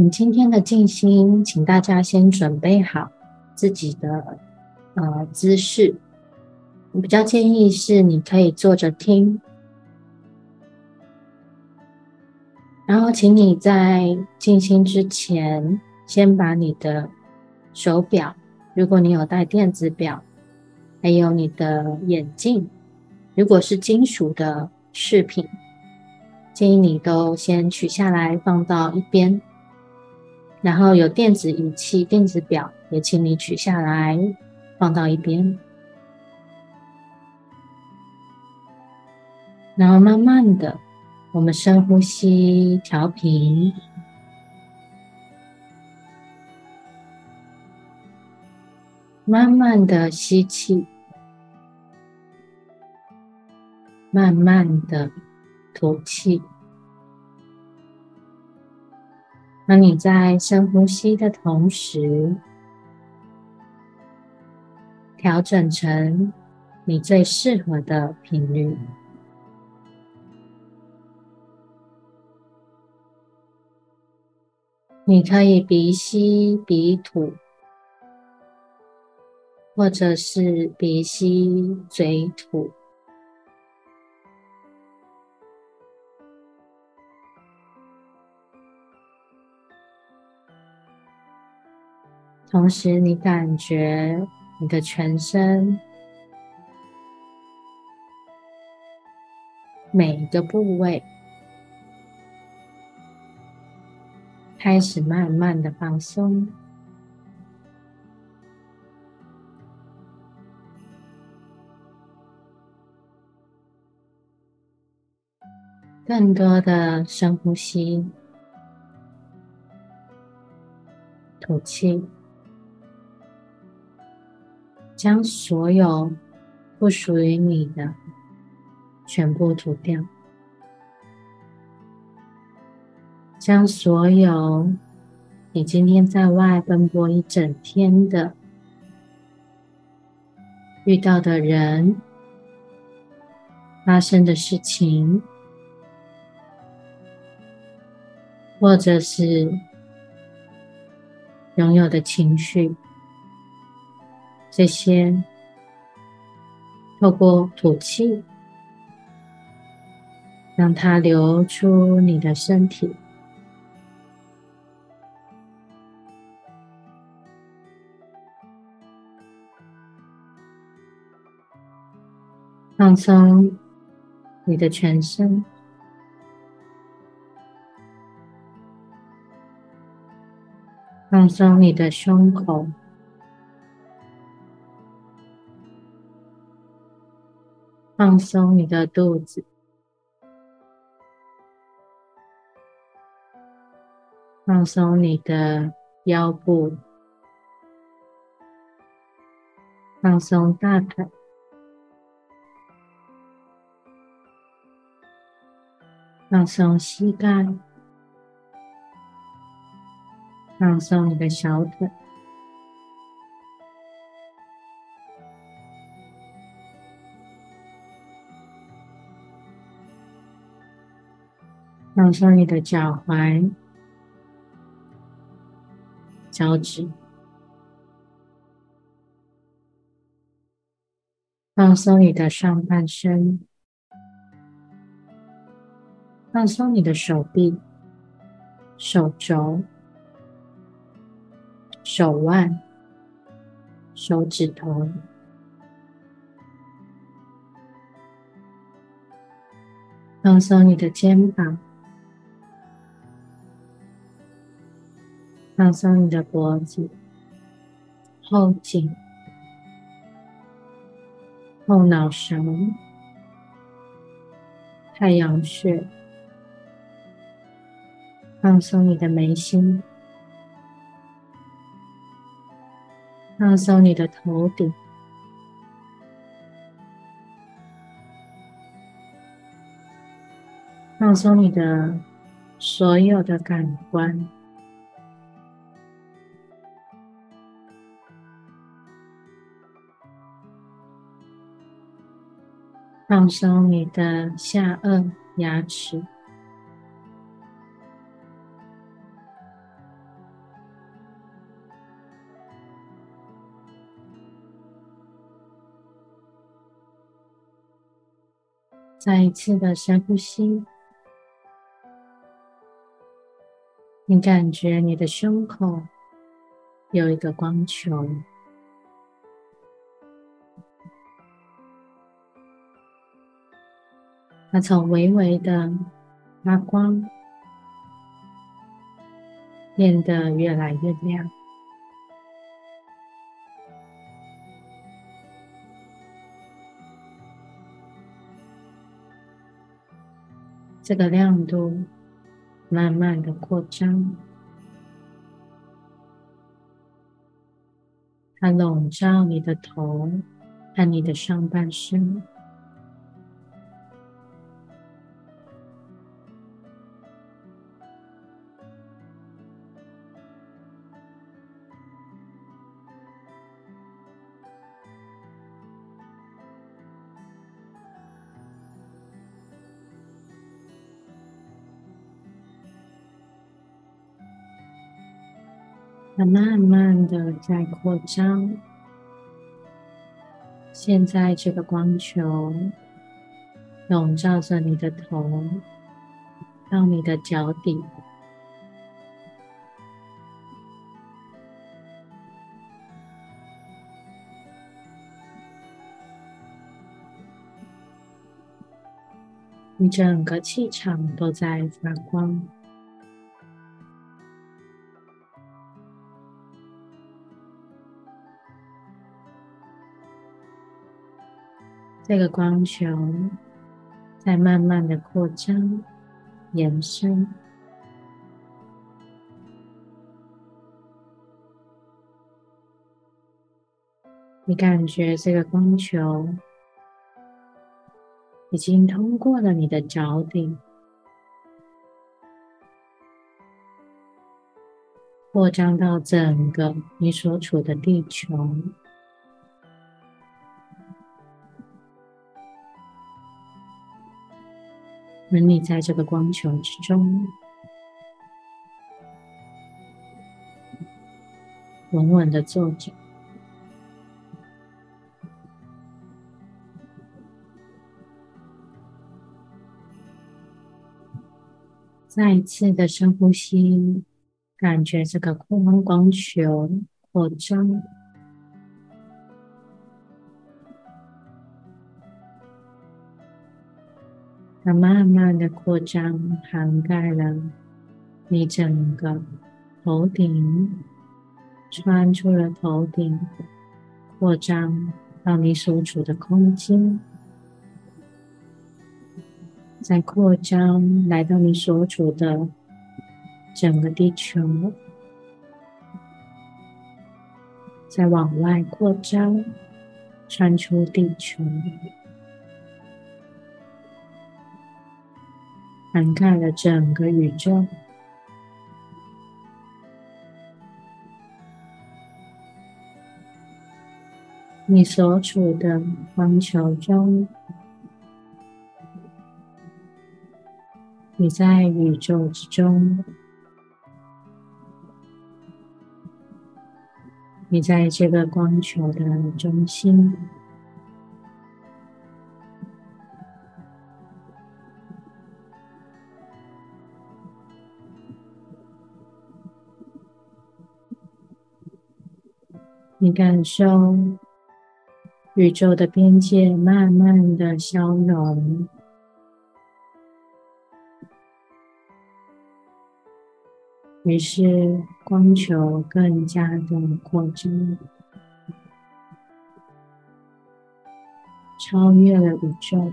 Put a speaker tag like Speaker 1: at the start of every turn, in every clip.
Speaker 1: 你今天的靜心，請大家先準備好自己的呃姿勢。我比較建議是，你可以坐着聽。然後，請你在靜心之前，先把你的手表，如果你有帶電子表，還有你的眼鏡，如果是金屬的飾品，建議你都先取下來，放到一邊。然後有電子儀器、電子表，也請你取下來，放到一邊。然後慢慢的，我們深呼吸，調頻，慢慢的吸氣，慢慢的吐氣。當你在深呼吸的同時，調整成你最適合的頻率，你可以鼻吸鼻吐，或者是鼻吸嘴吐。同時，你感覺你的全身每一個部位開始慢慢的放鬆，更多的深呼吸，吐氣。將所有不屬於你的全部塗掉，將所有你今天在外奔波一整天的遇到的人、發生的事情，或者是擁有的情緒，這些透過吐氣，讓它流出你的身體，放鬆你的全身，放鬆你的胸口。放鬆你的肚子，放鬆你的腰部，放鬆大腿，放鬆膝蓋，放鬆你的小腿。放鬆你的腳踝、腳趾；放鬆你的上半身；放鬆你的手臂、手肘、手腕、手指頭；放鬆你的肩膀。放鬆你的脖子、後頸、後腦勺、太陽穴，放鬆你的眉心，放鬆你的頭頂，放鬆你的所有的感官。放鬆你的下顎牙齒，再一次的深呼吸。你感覺你的胸口有一個光球。它從微微的發光，變得越來越亮，這個亮度慢慢的擴張，它籠罩你的頭和你的上半身。它慢慢的在擴張，現在這個光球籠罩着你的頭，到你的腳底，你整個氣場都在發光。這個光球在慢慢的擴張、延伸，你感覺這個光球已經通過了你的腳底，擴張到整個你所處的地球。而你在這個光球之中，穩穩的坐着，再一次的深呼吸，感覺這個空光球擴張。它慢慢的擴張，涵蓋了你整個頭頂，穿出了頭頂，擴張到你所處的空間，再擴張來到你所處的整個地球，再往外擴張，穿出地球。涵蓋了整個宇宙，你所處的光球中，你在宇宙之中，你在這個光球的中心。感受宇宙的邊界慢慢的消融，於是光球更加的擴張，超越了宇宙。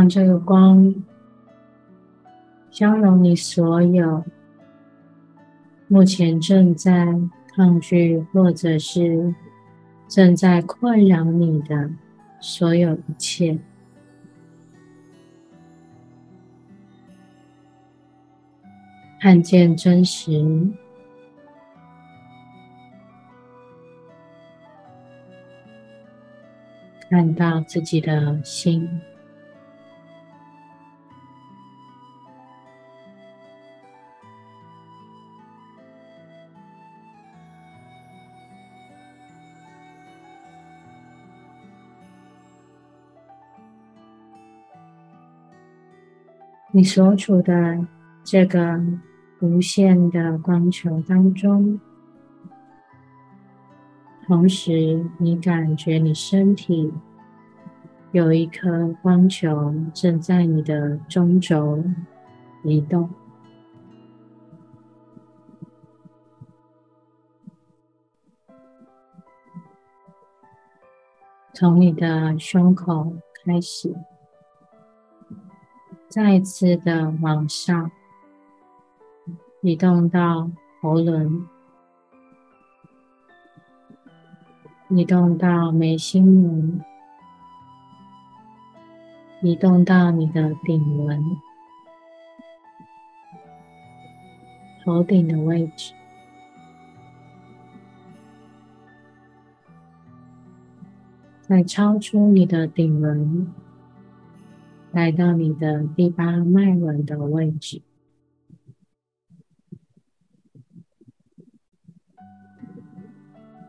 Speaker 1: 讓這個光消融你所有目前正在抗拒或者是正在困擾你的所有一切，看見真實，看到自己的心。你所處的這個無限的光球當中，同時你感覺你身體有一顆光球正在你的中軸移動，從你的胸口開始。再次的往上移動到喉輪，移動到眉心輪，移動到你的頂輪，頭頂的位置，再超出你的頂輪。來到你的第八脈輪的位置，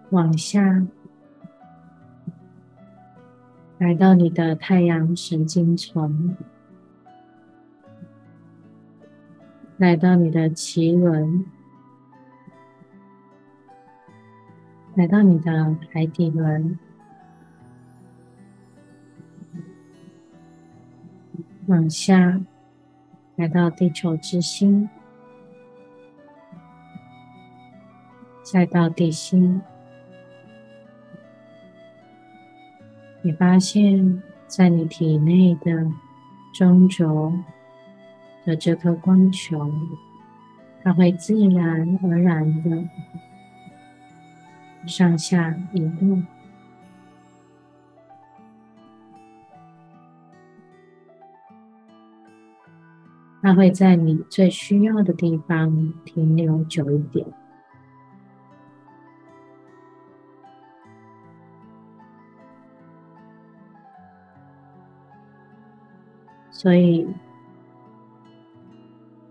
Speaker 1: 往下，來到你的太陽神經叢，來到你的臍輪，來到你的海底輪。往下來到地球之心，再到地心，你發現，在你體內的中軸的這顆光球，它會自然而然的上下移動。它會在你最需要的地方停留久一點，所以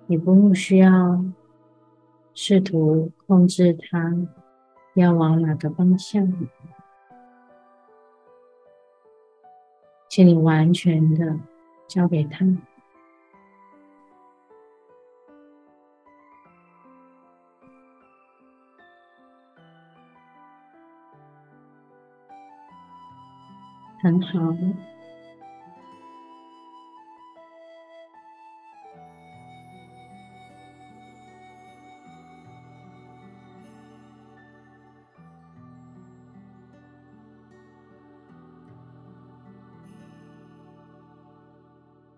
Speaker 1: 你不用需要試圖控制它要往哪個方向，請你完全的交給他。很好，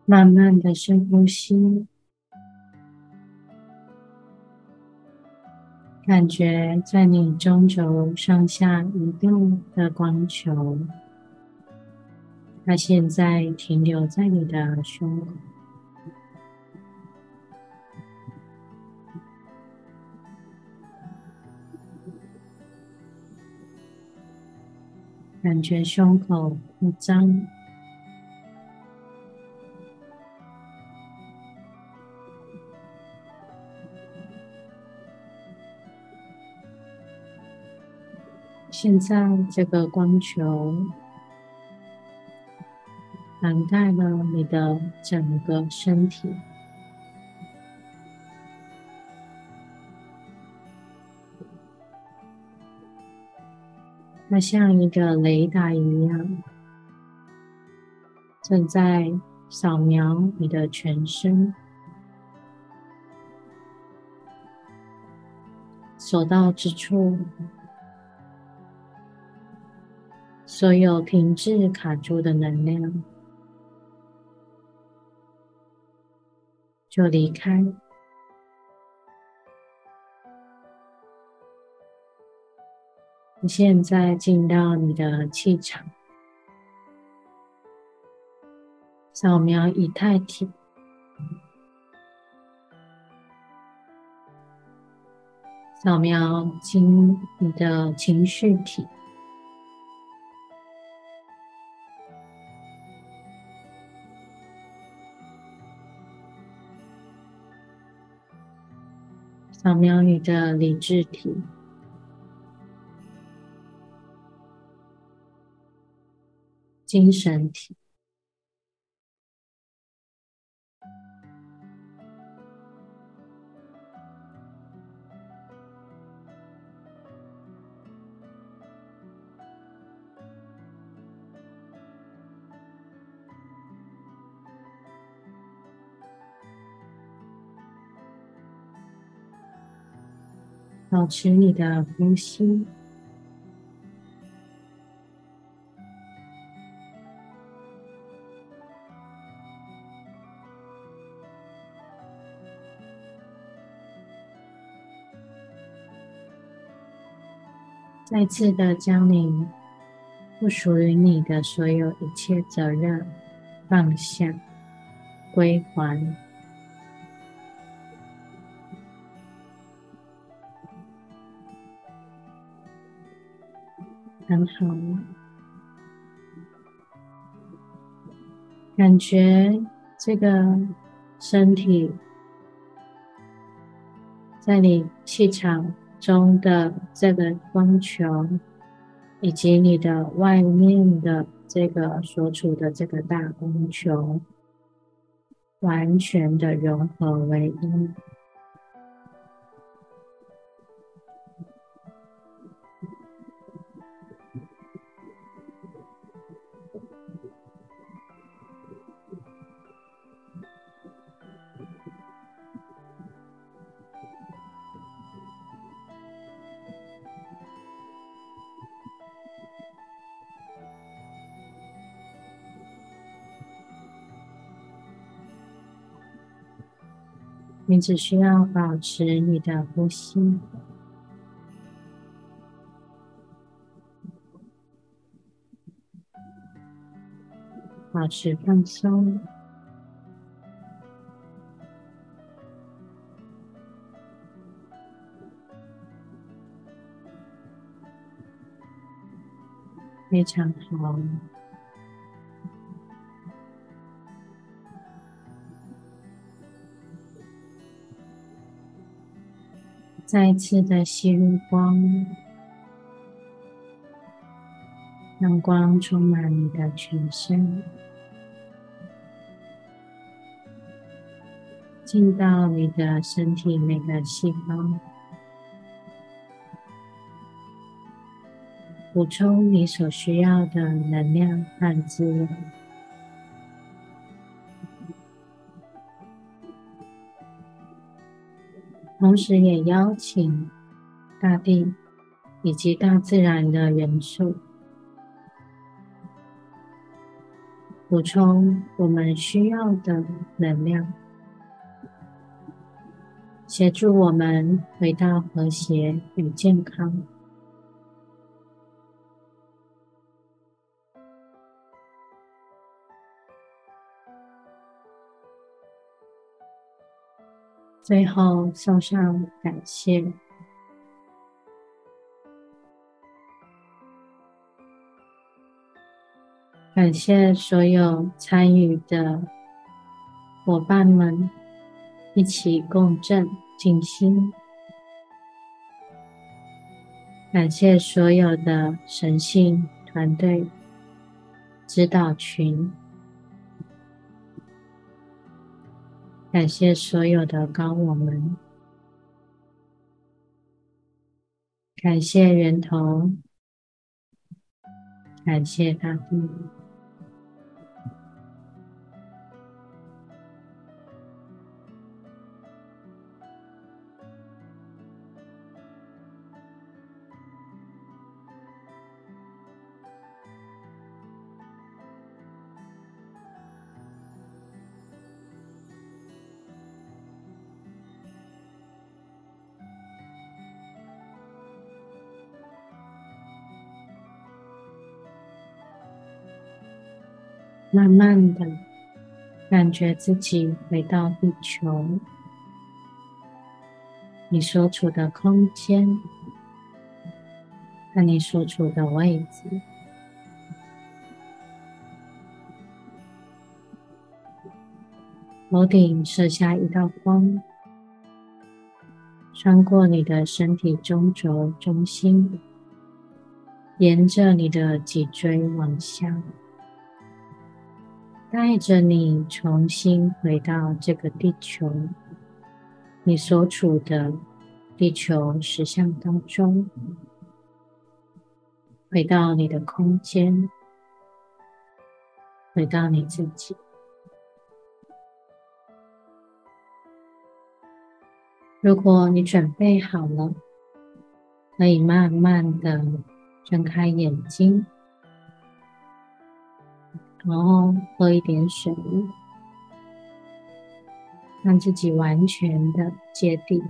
Speaker 1: 慢慢的深呼吸，感覺在你中軸上下移動的光球。它現在停留在你的胸口，感覺胸口擴張。現在這個光球，涵蓋了你的整個身體，它像一個雷達一樣，正在掃描你的全身，所到之處，所有停滯卡住的能量。就離開。你現在進到你的氣場，掃描以太體，掃描進你的情緒體。掃描你的理智體、精神體。保持你的呼吸，再次的將你不屬於你的所有一切責任放下，歸還。很好，感覺這個身體在你氣場中的這個光球，以及你的外面的這個所處的這個大光球，完全的融合為一。你只需要保持你的呼吸，保持放鬆，非常好。再次的吸入光，陽光充滿你的全身，進到你的身體每個細胞，補充你所需要的能量和資源。同時，也邀請大地以及大自然的元素，補充我們需要的能量，協助我們回到和諧與健康。最後送上感謝，感謝所有參與的夥伴們一起共振靜心，感謝所有的神性團隊指導群。感謝所有的高我們，感謝源頭，感謝大地。慢的感覺自己回到地球，你所處的空間和你所處的位置，頭頂射下一道光，穿過你的身體中軸中心，沿着你的脊椎往下。帶着你重新回到這個地球，你所處的地球實相當中，回到你的空間，回到你自己。如果你準備好了，可以慢慢的睜開眼睛。然後喝一點水，讓自己完全的接地。